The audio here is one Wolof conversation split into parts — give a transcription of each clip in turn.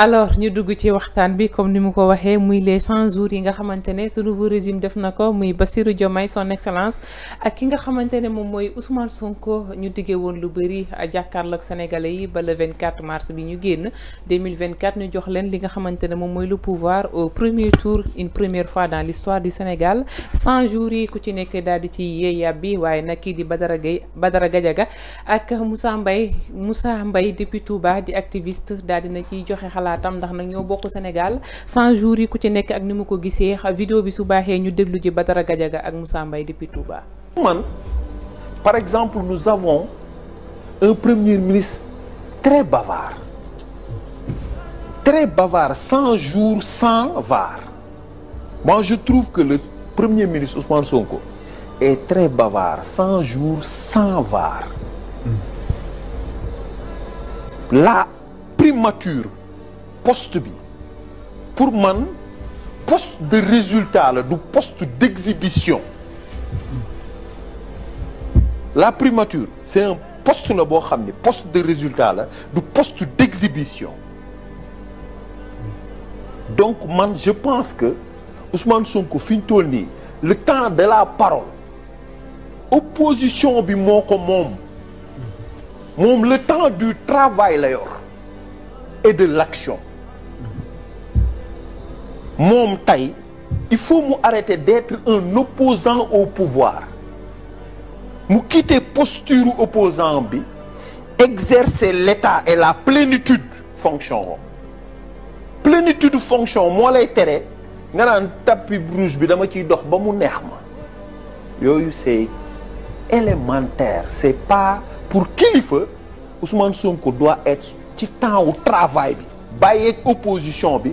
alors ñu dugg ci waxtaan bi comme ni mu ko waxee muy les 100 jours yi nga xamante ne ce nouveau régime def na ko muy Bassirou Diomaye son excellence ak ki nga xamante ne moom mooy Ousmane Sonko ñu diggee woon lu bëri jàkkaarloog sénégalais yi ba le 24 mars bi ñu génn 2024 ñu jox leen li nga xamante ne moom mooy le pouvoir au premier tour une première fois dans l'histoire du Sénégal 100 jours yi ku ci nekk daal di ci yee bi waaye nag kii di Badara Gueye Badara Gadiaga ak Moussa mbay Moussa Mbaye depuis Touba di activiste daal dina ciy joxe xalaat xalaatam ndax nag ñoo bokku Sénégal 100 jours yi ku ci nekk ak ni mu ko gisee vidéo bi su baxé ñu déglu ji Badara Gadiaga ak Moussa Mbaye depuis Touba. man par exemple nous avons un premier ministre très bavard très bavard 100 jours sans var moi je trouve que le premier ministre Ousmane Sonko est très bavard 100 jours sans var hmm. la primature poste bi pour man poste de résultat du poste d'exhibition la primature c'est un poste poste de résultat le du poste d'exhibition donc je pense que Ousmane Sonko le temps de la parole opposition bi moko le temps du travail et de l'action moom il faut mou arrêter d'être un opposant au pouvoir Mou quitter posture opposant bi exercer l'état et la plénitude fonction plénitude fonction Moi lay tere nga naan tapis rouge bi dama ciy dox ba mu neex ma yooyu c'est élémentaire c'est pas pour kilifa Ousmane Sonko doit être ci temps travail bi opposition bi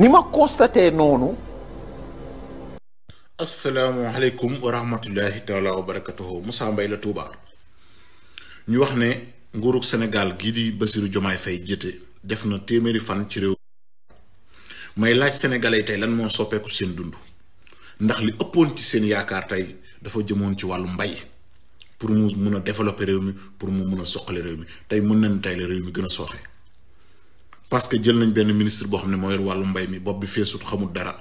ni ma constaté noonu. asalaamaaleykum wa rahmatullahi taala wa barakatuhu Moussa Mbaye la Touba ñu wax ne nguurug Sénégal gii di Bassirou jomaay fay jëte def na téeméeri fan ci réew may laaj sénégalais tey lan moo soppeeku seen dund ndax li ëppoon ci seen yaakaar tey dafa jëmoon ci wàllu mbay pour mu mun a développer réew mi pour mu mun a soqale réew mi tey mën nañ tey la réew mi gën a sooxe parce que jël nañ benn ministre boo xam ne moo yor wàllu mbay mi bopp bi feesut xamul dara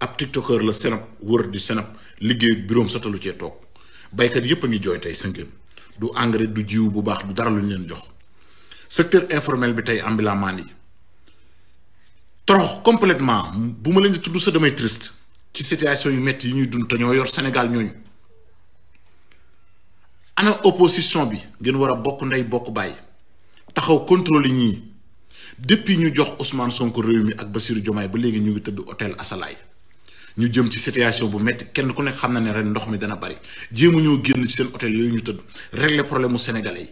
ab tiktoker la senap wër di senap liggéey buróom satalu cee toog baykat yépp a ngi jooy tey sëngéem du engrais du jiw bu baax du dara luñ leen jox secteur informel bi tey ambilamaan yi torox complètement bu ma leen di tudd sa damay triste ci situation yu metti yi ñuy dund te ñoo yor Sénégal ñooñu ana opposition bi ngeen war a bokk ndey bokk taxaw contrôle ñii depuis ñu jox Ousmane sonk réew mi ak Bassirou Diomaye ba léegi ñu ngi tëdd hôtel Asalaay ñu jëm ci situation bu métti kenn ku nekk xam na ne ren ndox mi dana bari jéemu ñoo génn ci seen hôtel yooyu ñu tëdd régler problème mu sénégalais yi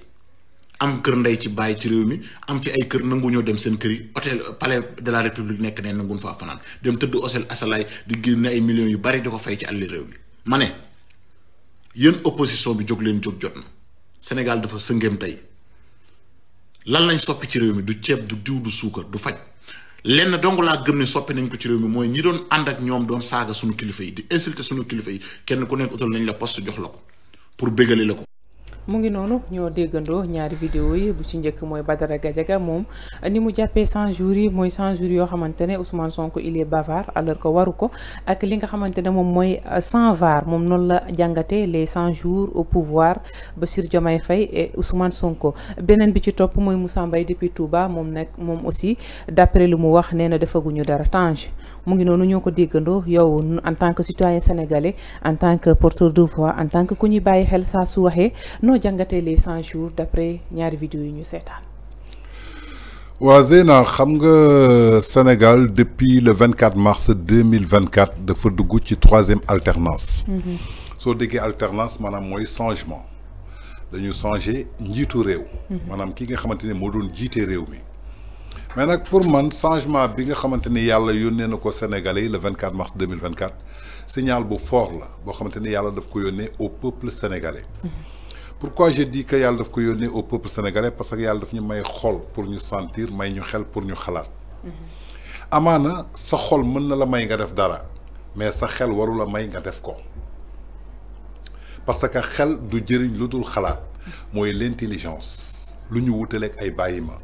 am kër ndey ci bàyyi ci réew mi am fi ay kër nangu ñoo dem seen kër yi hôtel palais de la république nekk ne nanguñ faa fanaan dem tëdd hôtel Asalaay di génne ay million yu bari di ko fay ci àlli réew mi ma ne yéen opposition bi jóg leen jóg jot na Sénégal dafa sëngeem tey lan lañ soppi ci réew mi du ceeb du diw du suukar du faj lenn dong laa gëm ne soppi nañ ko ci réew mi mooy ñi doon ànd ak ñoom doon saaga suñu kilifa yi di insulter suñu kilifa yi kenn ku nekk utal nañ la poste jox la ko pour bégale la ko mu ngi noonu ñoo déggandoo ñaari vidéo yi bu ci njëkk mooy Badara Gadiaga moom ni mu jàppee 100 jours yi mooy 100 jours yoo xamante ne Ousmane Sonko il est bavard alors que waru ko ak li nga xamante ne moom mooy sans var moom noonu la jàngatee les 100 jours au pouvoir Bassirou Diomaye Faye et Ousmane Sonko beneen bi ci topp mooy Moussa Mbaye depuis Touba moom nag moom aussi d'après lu mu wax nee na defaguñu dara Tange mu ngi noonu ñoo yow en tant que citoyen sénégalais en tant que porteur de voix en tant que ku ñuy bàyyi xel saa su waxee noo jàngatee les 100 jours d'après ñaari vidéo nous ñu seetaan. waa xam nga Sénégal depuis le 24 mars 2024 dafa dugg ci troisième alternance mhm. soo déggee alternance maanaam mooy changement dañu changé njiitu réew mhm. maanaam ki nga xamante ne avons doon jiite réew mi mais nak pour man changement bi nga xamanteni yalla yàlla nako Sénégalais le 24 mars 2024 signal bu fort la bo xamanteni yalla daf ko yónnee au peuple sénégalais. Mhm. pourquoi je dis que yalla daf ko yónnee au peuple sénégalais parce que yalla daf ñu may xol pour ñu sentir may ñu xel pour ñu xalaat. Mhm. amana sa xol mën na la may nga def dara mais sa xel waru la may nga def ko parce que xel du jëriñ lu dul moy l'intelligence lu ñu wutaleeg ay bayima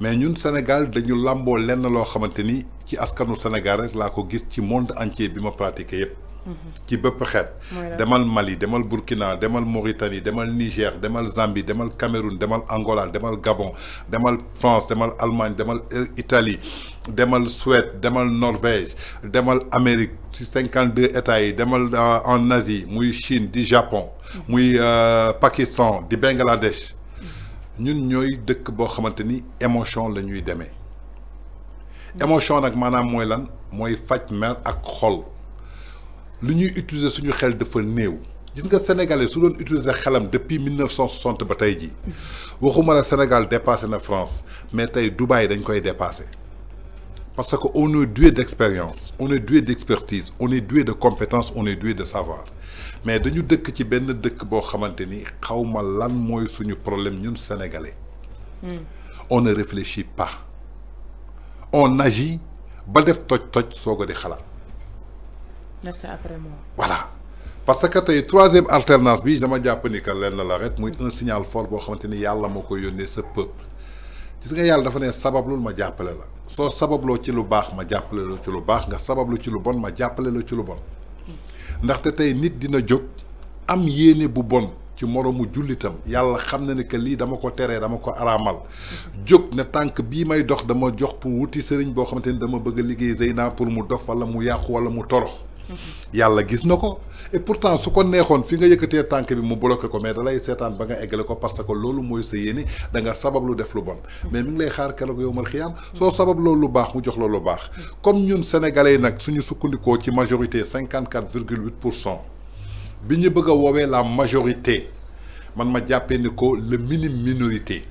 mais ñun Sénégal dañu làmboo lenn loo xamante ni ci askanu Sénégal rek laa ko gis ci monde entier bi ma pratiqué yépp mhm. ci bépp xeet demal Mali demal Burkina demal Mauritanie demal Niger demal Zambie demal Cameroun demal Angola demal Gabon demal France demal Allemagne demal euh, itali demal Suède demal Norvège demal Amérique ci cinquante deux états yi demal euh, en Asie muy Chine di Japon mhm. muy euh, Pakistan di Bangladesh Nous avons dëkk que xamante ni émotion la de L'émotion, émotion L'émotion, maanaam qui lan mooy faj ak xol utilisons ñuy utiliser suñu xel Les gis nga sénégalais depuis 1960 ba tey jii que le Sénégal dépassé la France mais Dubaï dañ dépassé parce qu'on on est doué d'expérience on est doué d'expertise on est doué de compétences, on est doué de savoir mais dañu dëkk ci benn dëkk boo xamante ni xawma lan mooy suñu problème ñun sénégalais. Hmm. on ne réfléchit pas on agit ba def toj-toj soo ko di xalaat. merci parce que tey troisième alternance bi dama jàpp ni que lenn la rek muy un signal fort boo xamante ni yàlla moo ko yónnee sa peuple gis yàlla dafa ne sabablul ma jàppale la. soo sababloo ci lu baax ma jàppale la ci lu baax nga sabablu ci lu bon ma jàppale la ci lu bon. ndaxte tey nit dina jóg am yéene bu bon ci moromu jullitam yàlla xam na ne que lii dama ko teree dama ko araamal jóg ne tànk bii may dox dama jox pour wuti sëriñ boo xamante ni dama bëgg a liggéey Zeyna pour mu dox wala mu yàqu wala mu torox yalla gis nako et pourtant su ko neexoon fi nga yëkëté tank bi mu bloqué ko mais dalay sétane ba nga eggale ko parce que lolu moy sa yéné da nga sabab lu def lu bon mais mi ngi lay xaar keroog yow mal xiyaam soo sabab lolu lu baax mu jox lolu lu baax comme ñun sénégalais nak suñu sukkundiko ci majorité 54,8% quatre bi ñu bëgg a la majorité man ma jappé ni ko le minime minorité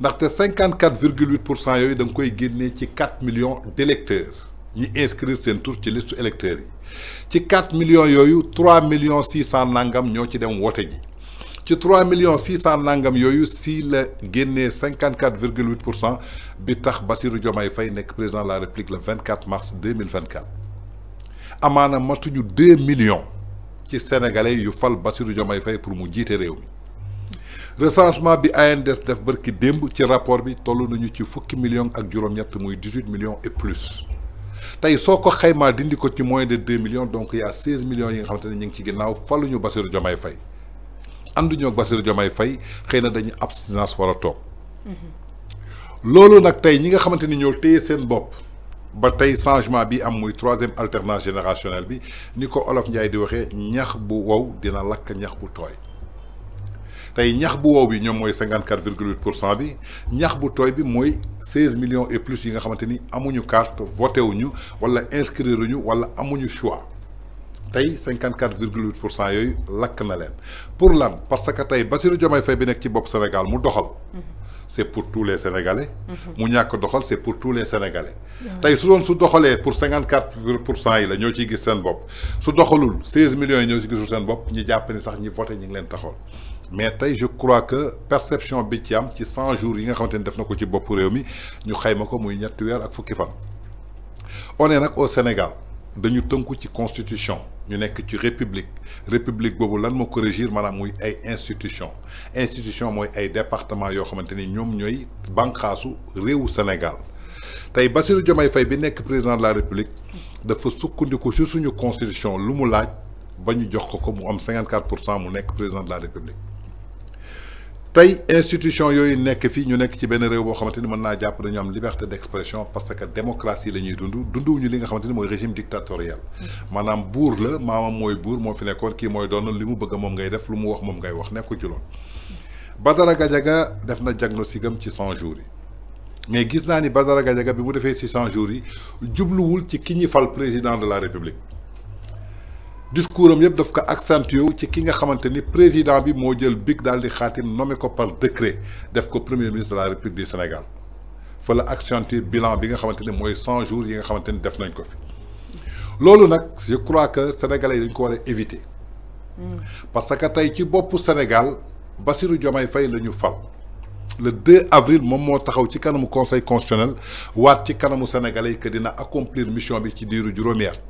ndaxte 54,8% quatre yooyu da nga koy génnee ci 4 millions d'électeurs ñi inscrire sen tour ci liste électeur yi ci 4 millions yoyu 3 millions 600 nangam ñoo ci dem wote gi ci 3 millions 600 nangam yoyu si la génné 54,8% bi tax Bassirou Diomaye Fay nek président la République le 24 mars 2024 amana matuñu 2 millions ci sénégalais yu fal Bassirou Diomaye Fay pour mu jité réew mi recensement bi INDS def barki demb ci rapport bi tollu nañu ci fukki millions ak juroom ñett muy 18 millions et plus tey soo ko xaymaa dindi ko ci moins de deux millions donc y millions yi nga xamante ne ñu ngi ci ñu faluñu Bassirou Diomaye Faye ànduñoo ak Bassirou Diomaye xëy na dañu abstinence war a toog mm-hmm. loolu nag tey ñi nga xamante ni ñoo téye seen bopp ba tey changement bi am muy troisième alternance générationnelle bi ni ko Olof Njaay di waxee ñax bu wow dina lakk ñax bu tooy tey ñax bu wow bi ñoom mooy cinquante quatre virgule huit pour cent bi ñax bu tooy bi mooy seize millions et plus yi nga xamante ni amuñu carte voté wuñu wala inscrire wuñu wala amuñu choix tey cinquante quatre virgule huit pour cent yooyu lakk na leen pour lan parce que tey ba Bassirou Diomaye Faye bi nekk ci bopp Sénégal mu doxal. Mhm. c'est pour tous les sénégalais. Mhm. mu ñàkk doxal c'est pour tous les sénégalais. tey su doon su doxalee pour cinquante quatre pour cent yi la ñoo ciy gis seen bopp su doxalul seize millions ñoo ci gisul seen bopp ñu jàpp sax ñi voté ñu ngi leen taxawal. mais je crois que perception bi ci am ci 100 jours yi nga xamanteni def nako ci bop réew mi ñu xeymako muy ñetti weer ak fukki fan. on est nag au Sénégal dañu teunku ci constitution ñu nekk ci république république bobu lan moko régir maanaam muy ay institution institution moy ay département yo xamanteni ñom ñoy ñooy rew Sénégal tay Bassirou Diomaye fay bi nekk président de la république dafa sukkandiku ci suñu constitution lu mu laaj bañu jox ko ko mu am 54 mu nekk président de la république. tey institution yooyu nekk fii ñu nekk ci benn réew boo xamante ni mën naa jàpp dañu am liberté d'expression parce que démocratie la ñuy dund dunduwuñu li nga xamante ni mooy régime dictatorial maanaam buur la maamam mooy buur moo fi nekkoon kii mooy doon li mu bëgg moom ngay def lu mu wax moom ngay wax nekku ci loon Badara Gadiaga def na diagnostic am ci 100 jours yi mais gis naa ni Badara Gadiaga bi mu defee ci 100 jours yi jubluwul ci ki ñi fal président de la république discours am daf ko accentué ci ki nga xamante ni président bi moo jël big daal di xaatim nommé ko par décret def ko premier ministre de la république du Sénégal fa la accentué bilan bi nga xamante ni mooy cent jours yi nga xamante ni def nañ ko fi loolu nag je crois que sénégalais yi dañ ko war a éviter mm. parce que tey ci boppu Sénégal Bassirou Diomaye fay la ñu fal le 2 avril moom moo taxaw ci kanamu conseil constitutionnel waat ci kanamu sénégalais yi que dina accomplir mission bi ci diiru juróomi at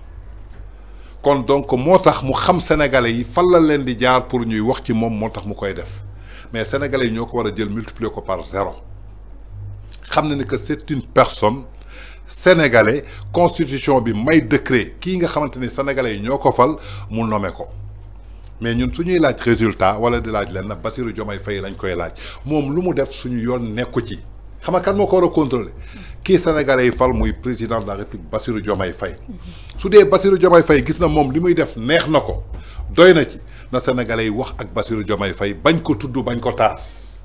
kon donc motax mu xam sénégalais yi fan la len di jaar pour ñuy wax ci mom motax mu koy def mais sénégalais yi ñoo ko war jël multiplier ko par 0 xam na ni que c'est une personne sénégalais constitution bi may décret ki nga xamante sénégalais yi ñoo ko fal mu nommé ko mais ñun suñuy laaj résultat wala di laaj len na Bassirou fay lañ koy laaj mom lu mu def suñu yoon nekku ci. xam nga kan moo ko war a contrôler kii sénégalais yi fal muy président de la république Bassirou Diomaye su dee Bassirou Diomaye fay gis na moom li muy def neex na ko doy na ci na sénégalais yi wax ak Bassirou Diomaye fay bañ ko tudd bañ ko taas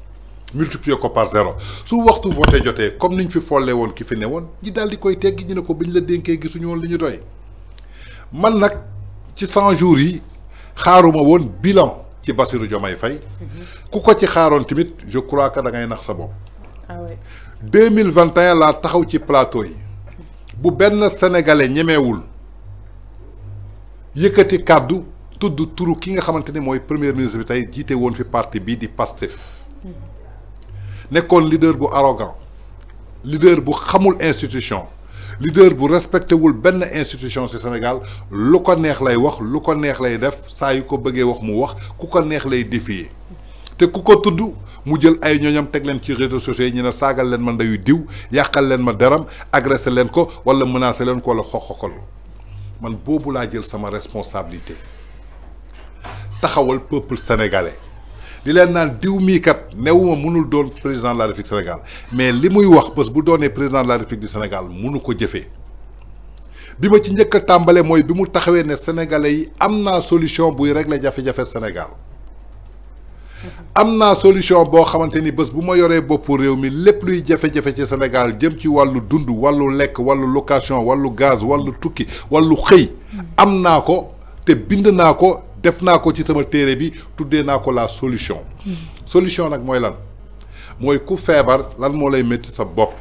multiplier ko par zéro su waxtu voté jotee comme ni ñu fi folle woon ki fi ne woon ñi daal di koy teggi ñu ne ko biñ la dénkee gisuñu woon li ñu doy man nag ci cent jours yi xaaruma woon bilan ci Bassirou jomay fay mm-hmm. ku ko ci xaaroon tamit je crois que da ngay nax sa bopp ah oui 2021 la taxaw ci plateau yi bu ben sénégalais ñëméwul yëkëti kàddu tuddu turu ki nga xamante moy premier ministre bi tay jité won fi parti bi di Pastef mm-hmm. nekkoon leader bu arrogant leader bu xamul institution leader bu respecté wul ben institution ci Sénégal lu ko neex lay wax lu ko neex lay def sa yu ko bëggé wax mu wax ku ko neex lay défier te ku ko tudd mu jël ay ñooñam teg leen ci réseaux sociaux yi ñu ne saagal leen ma ndeyu diw yàqal leen ma deram agressé leen ko wala menacé leen ko wala xoxokol man boobu laa jël sama responsabilité taxawal peuple sénégalais di leen naan diw mii kat newuma mënul doon président de la république Sénégal mais li muy wax bés bu doonee président de la république du Sénégal mënu ko jëfee bi ma ci njëkk a tàmbale mooy bi mu taxawee ne sénégalais yi am naa solution buy régler jafe-jafe Sénégal. am naa solution boo xamante ni bés bu ma yoree boppu réew mi lépp luy jafe-jafe ci Sénégal jëm ci wàllu dund wàllu lekk wàllu location wàllu gaz wàllu tukki wàllu xëy am naa ko te bind naa ko def naa ko ci sama téere bi tuddee naa ko la solution solution nag mooy lan mooy ku feebar lan moo lay métti sa bopp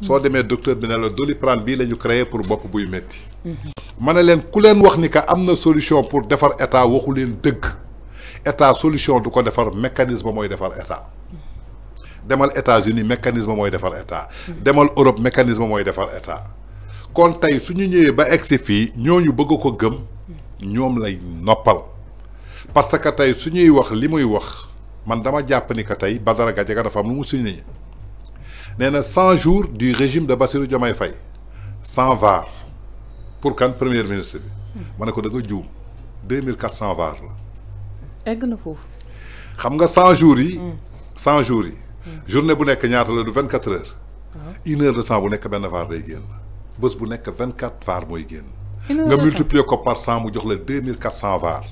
soo demee docteur bi ne la Doliprane bii la ñu créé pour bopp buy métti mhm. ma ne leen ku leen wax ni que am na solution pour defar état waxu leen dëgg état solution du ko faire mécanisme de faire état demal États-Unis mécanisme de faire état demal Europe mécanisme de faire état Quand tey su ba egsi fii ñooñu bëgg ko gëm ñoom lay noppal parce que Tay su ñuy wax li muy wax man dama jàpp ni que tey Badara Gadiaga dafa am lu mu signé cent jours du régime de Bassirou Diomaye Faye cent var pour kan premier ministre Manako de ne ko da nga juum deux var egg na foofu. xam nga cent jours yi. Hmm. cent jours yi. Hmm. journée bu nekk ñaata la du vingt quatre heures. Ah. une heure de temps bu nekk benn vaar day génn bés bu nekk vingt quatre vaar mooy génn. nga multiplier ko par cent mu jox la deux mille quatre cent vaar.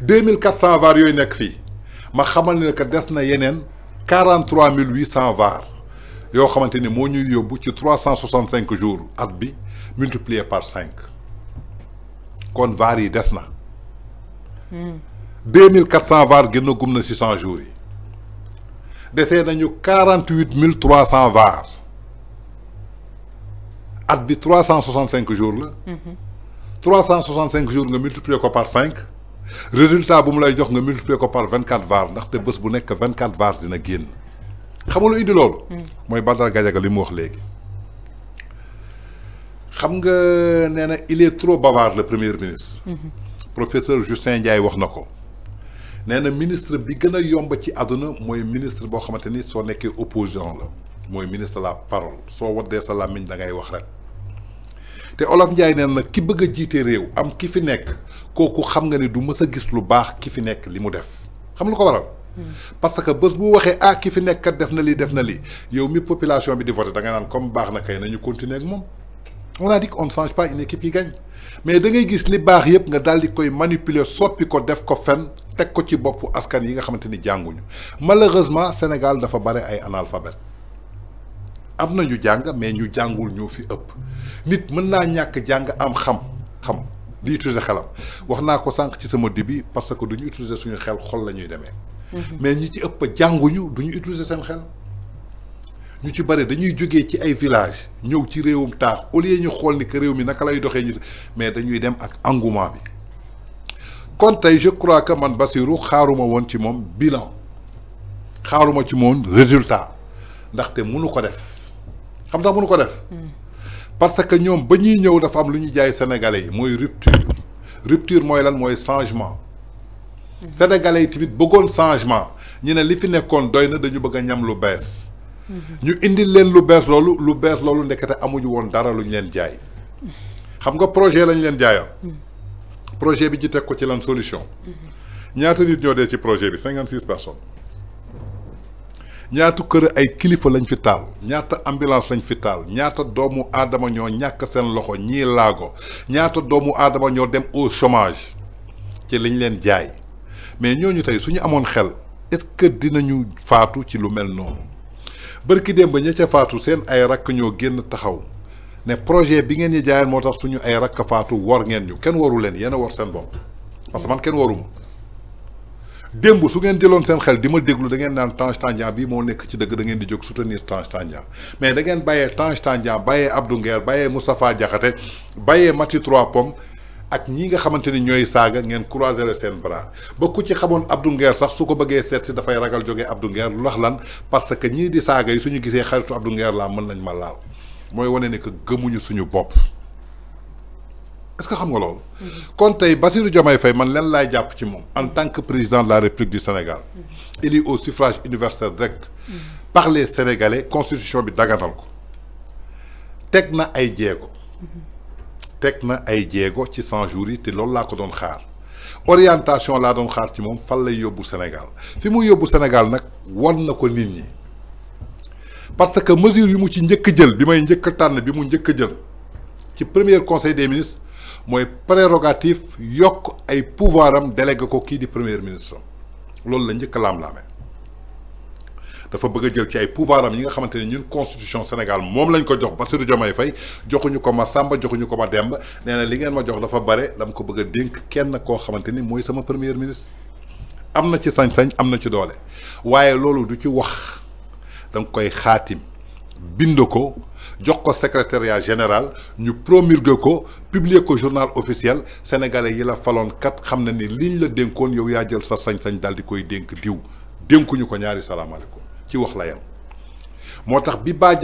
deux mille quatre cent vaar yooyu nekk fii ma xamal ne que des na yeneen quarante mille huit cent vaar yoo xamante ni moo ñuy yóbbu ci trois cent soixante cinq jours at bi multiplier par cinq kon vaar yi des na. 2400 var gënë gum 600 jours dessé nañu 48300 var at bi 365 jours 365 jours nga multiplions ko par 5 résultat bu mu lay jox nga ko par 24 var ndax te bëss bu nek 24 var dina gënë xam nga lu indi lool hmm. moy badar que limu wax légui xam nga néna il est trop bavard le premier ministre hmm. professeur Justin Ndiaye wax na ko nee na ministre bi gën a yomb ci àdduna mooy ministre boo xamante ni soo nekkee opposition la mooy ministre la parole soo waddee sa làmmiñ da ngay wax rek te Olof njaay neen na ki bëgg a jiite réew am ki fi nekk kooku xam nga ni du mës a gis lu baax ki fi nekk li mu def xam lu ko waral. Hmm. parce que bés bu waxee ah ki fi nekk def na lii def na lii yow mi population bi di voté da nga naan comme baax na kay nañu continuer ak moom. on a dit qu'on ne change pas une équipe qui gagne mais da ngay gis li baax nga di koy manipuler soppi ko def ko pour qu'ils ko ci les yi nga malheureusement Sénégal dafa bare ay analphabètes ñu mais ñu fi ëpp nit mën naa ñàkk am xam xam di utiliser xelam waxna ko sank ci sama début parce que duñu utiliser suñu xel xol lañuy démé mhm. mais ñi ci ëpp utiliser ñu ci bëri dañuy jógee ci ay village ñëw ci réewum taax au lieu ñu xool ni que réew mi naka lay doxee ñu mais dañuy dem ak engouement kon tey je crois que man Bassirou xaaruma woon ci moom bilan xaaruma ci moom résultat ndaxte mënu ko def xam tax mënu ko def parce que ñoom ba ñuy ñëw dafa am lu ñu jaay sénégalais yi mooy rupture rupture mooy lan mooy changement mm. sénégalais yi tamit bëggoon changement ñu ne li fi nekkoon doy na dañu bëgg a ñam lu bees ñu indil leen lu bees loolu lu bees loolu ndekete amuñu woon dara luñ leen jaay xam nga projet lañ leen jaayoon projet bi ci teg ko ci lan solution ñaata nit ñoo dee ci projet bi cinquante six personnes ñaata kër ay kilifa lañ fi taal ñaata ambulance lañ fi taal ñaata doomu aadama ñoo ñàkk seen loxo ñii laago ñaata doomu aadama ñoo dem au chômage ci lañ leen jaay mais ñooñu tey suñu amoon xel est-ce que dinañu faatu ci lu mel noonu bërki démb ba ña ca faatu seen ay rakk ñoo génn taxaw ne projet bi ngeen ñu jaayal moo tax suñu ay rakk faatu war ngeen ñu kenn waru leen yéen a war seen bopp parce que man kenn waruma démb su ngeen jëloon seen xel di ma déglu da ngeen naan Tange Tandian bi moo nekk ci dëgg dangeen di jóg soutenir Tange Tandian mais da ngeen bàyyee Tange Tandian bàyyee Abdou Nguer bàyyee Moustapha Diakhaté bàyyee Mati Trois Pommes ak ñi nga xamante ni ñooy saaga ngeen croiser le seen bras ba ku ci xamoon Abdou Nguer sax su ko bëggee seet si dafay ragal jógee Abdou Nguer lu wax lan parce que ñii di saaga yi suñu gisee xaritu Abdou Nguer laa mën nañ ma laal mooy wane ni que gëmuñu suñu bopp est-ce que xam nga loolu. Mm-hmm. kon tey Bassirou Diomaye fay man leen laay jàpp ci moom en tant que président la République du Sénégal. élu mm-hmm. au suffrage universel direct. Mm-hmm. par les Sénégalais constitution bi daganal ko teg na ay jéego. teg na ay jéego ci 100 jours te loolu laa ko doon xaar orientation laa doon xaar ci moom fan lay yóbbu Sénégal fi mu yóbbu Sénégal nag won na ko nit ñi parce que mesure yu mu ci njëkk jël bi may njëkk a tànn bi mu njëkk jël ci premier conseil des ministres mooy prérogative yokk ay pouvoir am délégué ko kii di premier ministre loolu la njëkk a laam-laame dafa bëgga jël ci ay pouvoir yi nga xamante ni ñun constitution Sénégal moom lañ ko jox Bassirou Diomaye Faye joxuñu ko ma Samba joxuñu ko ma demb nee na li ngeen ma jox dafa bare dama ko bëgg a dénk kenn koo xamante ni mooy sama premier ministre am na ci sañ-sañ am na ci doole waaye loolu du ci wax da nga koy xaatim bind ko jox ko secretariat général ñu promulgué ko publier ko journal officiel sénégalais yi la faloon kat xam na ni liñ la dénkoon yow yaa jël sa sañ-sañ daal di koy dénk diw dénkuñu ko ñaari salaamaaleykum ci wax la yam bi bah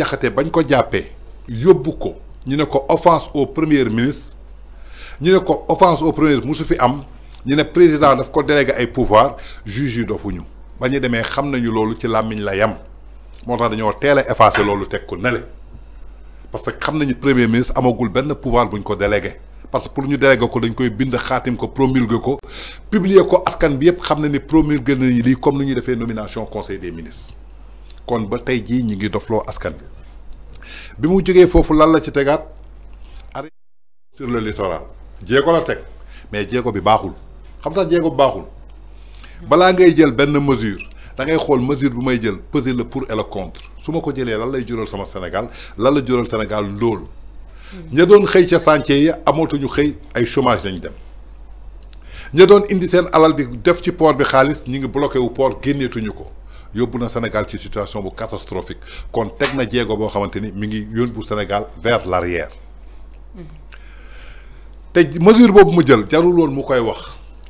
offense au premier ministre ñu ne offense au premier ministre fi am ñu président daf ko délégué ay pouvoir juge que xam nañu lolu ci la yam parce que xam premier ministre amagul pouvoir buñ ko parce que pour ñu déléguer, ko dañ koy ko publier ko askan bi yépp xam comme nomination conseil des ministres. kon ba tay ji ñi ngi doflo askan bi bi mu joge fofu lan la ci tegat ar sur le littoral jéego la tek mais jéego bi baxul xam sa jéego baxul bala ngay jël ben mesure da ngay xol mesure bu may jël peser le pour et le contre suma ko jëlé lan lay jural sama Sénégal lan la jural Sénégal lool ñi doon xëy ci santé yi ñu xëy ay chômage lañ dem ñi doon indi sen alal bi def ci port bi xaliss ñi ngi bloqué wu port génneetuñu ko yóbbu na Sénégal ci situation bu catastrophique kon teg na jéego boo xamante mi ngi bu Sénégal vers l'arrière te mesure bobu mu jël jarul won mu koy wax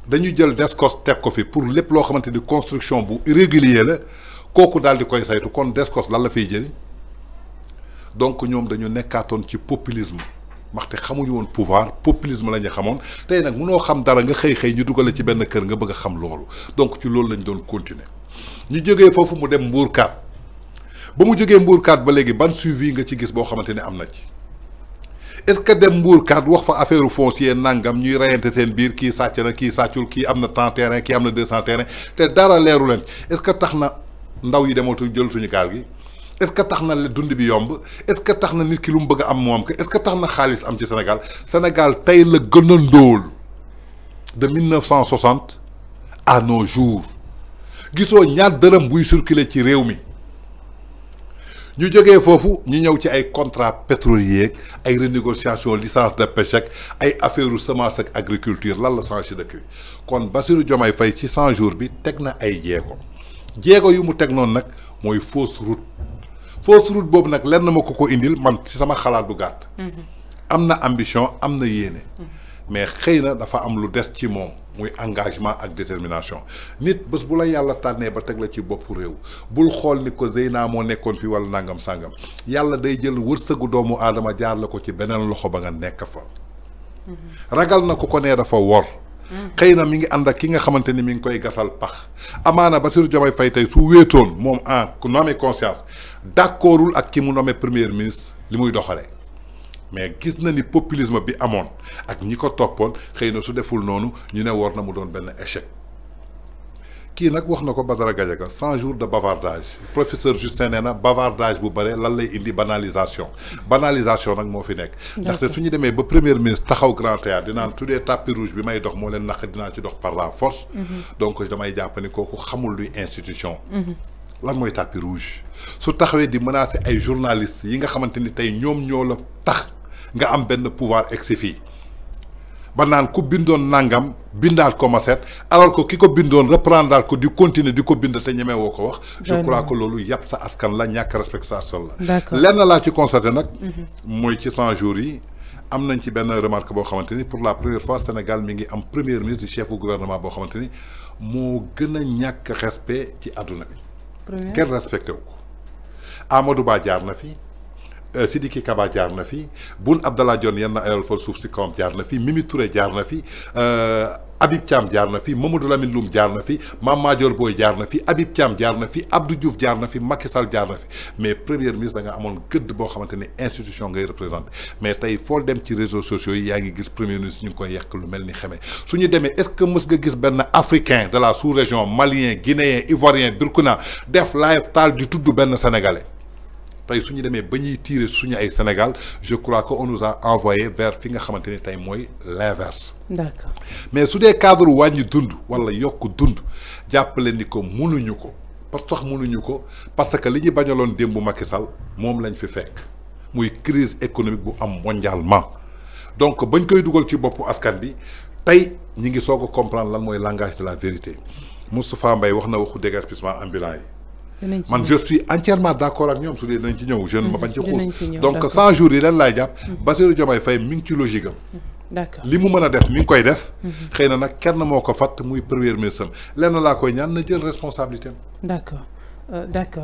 dañu jël Descos tek ko fi pour lepp lo xamanteni construction bu irrégulier la koku dal di koy saytu kon Descos lan la fay jëli donc ñom dañu nekkaatoon ci populisme waxte xamuñu won pouvoir populisme lañu xamone tay nak mëno xam dara nga xey xey ñu duggal ci benn kër nga bëgg xam lolu donc ci lolu lañ doon continuer. ñu jógee foofu mu dem mbuurkaat ba mu jógee mbuurkaat ba léegi ban suivi nga ci gis boo xamante ni am na ci est-ce que dem mbuurkaat wax fa affaire foncier nangam ñuy reyante seen biir kii sàcc na kii sàccul kii am na cent terrain ki am na deux cent terrain te dara leeru leen est-ce que tax na ndaw yi dematul jël suñu gaal gi est-ce que tax na dund bi yomb est-ce que tax na nit ki lu mu bëgg am moom que est que tax na xaalis am ci senegal Sénégal tey la gën a ndóol de 1960 à nos jours. gisoo ñaar dërëm buy circuler ci réew mi ñu jógee foofu ñu ñëw ci ay contrat pétrolier ay renégociation licence de pêche ak ay affaire semence ak agriculture lan la changé dëkk bi kon Bassirou Diomaye Faye ci 100 jours bi teg na ay jéego jéego yu mu teg noonu nag mooy fausse route fausse route boobu nag lenn ma ko ko indil man ci sama xalaat bu gàtt mm-hmm. am na ambition am na yéene mm-hmm. mais xëy na dafa am lu des ci moom muy engagement ak détermination nit bés bu la yàlla tànnee ba teg la ci bopp réew bul xool ni ko naa moo nekkoon fi wala nangam sàngam yàlla day jël wërsëgu doomu aadama jaar la ko ci beneen loxo ba nga nekk fa. Mm-hmm. ragal na ku ko nee dafa wor. Mm. xëy na mi ngi ànd ak ki nga xamante ni mi ngi koy gasal pax amaana ba Bassirou Diomaye Faye tey su wéetoon moom en nommé conscience d'accordul ak ki mu nome premier ministre li muy doxalee. mais gis na ni populisme bi amoon ak ñi ko toppoon xëy na su deful noonu ñu ne war na mu doon benn échec kii nag wax na ko ba Badara Gadiaga cent jours de bavardage professeur Justin nee na bavardage bu bare lan lay indi banalisation banalisation nag moo fi nekk ndaxte su ñu demee ba premier ministre taxaw grand théâtre dinaan tuddee tapis rouge bi may dox moo leen naq dinaa ci dox par la force mhm. donc damay jàpp ni kooku xamul luy institution mhm. lan mooy tapis su taxawee di menacer ay journalistes yi nga xamante ni tey ñoom ñoo la tax nga am benn pouvoir egg si fii ba naan ku bindoon nangam bindaat ko ma set alors ko ki ko bindoon reprendre ko di continuer di ko bind te ñeme ko wax. je crois que loolu yàpp sa askan la ñàkk respect sa askan la. lenn laa ci constaté nag. Mhm. mooy ci 100 jours yi. am nañ ci benn remarque boo xamante ni pour la première fois Sénégal mi ngi am première ministre chef du gouvernement boo xamante ni moo gën a ñàkk respect ci àdduna bi. kenn respecté ko Amadou Ba jaar na fi. Euh, Sidiki Kaba jaar na fi Boun Abdallah Dionne yenn ayol fa suuf si kawam na fi Mimi Touré jaar na fi euh, Habib Thiam jaar na fi Mamadou Lamine Loum jaar na fi Mama Dior Boy jaar na fi Habib Thiam jaar na fi Abdou Diouf jaar na fi Macky Sall jaar na fi mais premier ministre da nga amone gëdd bo xamanteni institution ngay représenter mais tay fo dem ci réseaux sociaux yi yaa ngi gis premier ministre ñu ngi koy yak lu melni xamé suñu démé est ce que mës nga gis ben africain de la sous région malien guinéen ivoirien burkina def lifestyle du tuddu ben sénégalais tey su ñu demee tirer suñu ay Sénégal je crois que on nous a envoyé vers fi nga xamante ne tey l'inverse d'accord mais sous des cadres ouani dundu, wala yoko dundu, jappelle ni ko mënuñu ko parce que mënuñu ko parce que li ñu bañaloon démb Macky Sall moom lañ fi fekk crise économique bu am mondialement donc bañ koy dugal ci bopou askan bi tey ñi ngi comprendre lan langage de la vérité Moustapha Mbaye wax na waxu déguerpissement ambulant yi man je suis entièrement d'accord avec ñom ñoom su dee ci ñëw jeune ma mhm. bañ ci xuus donc cent jours yi lan laay jàpp mhm. Bassirou Diomaye Faye mi ngi ci logique mhm. d'accord limu mu def mi ngi koy def xeyna nak nag kenn moo ko muy premier ministre am lenn laa koy ñaan na jël responsabilité d'accord euh, d'accord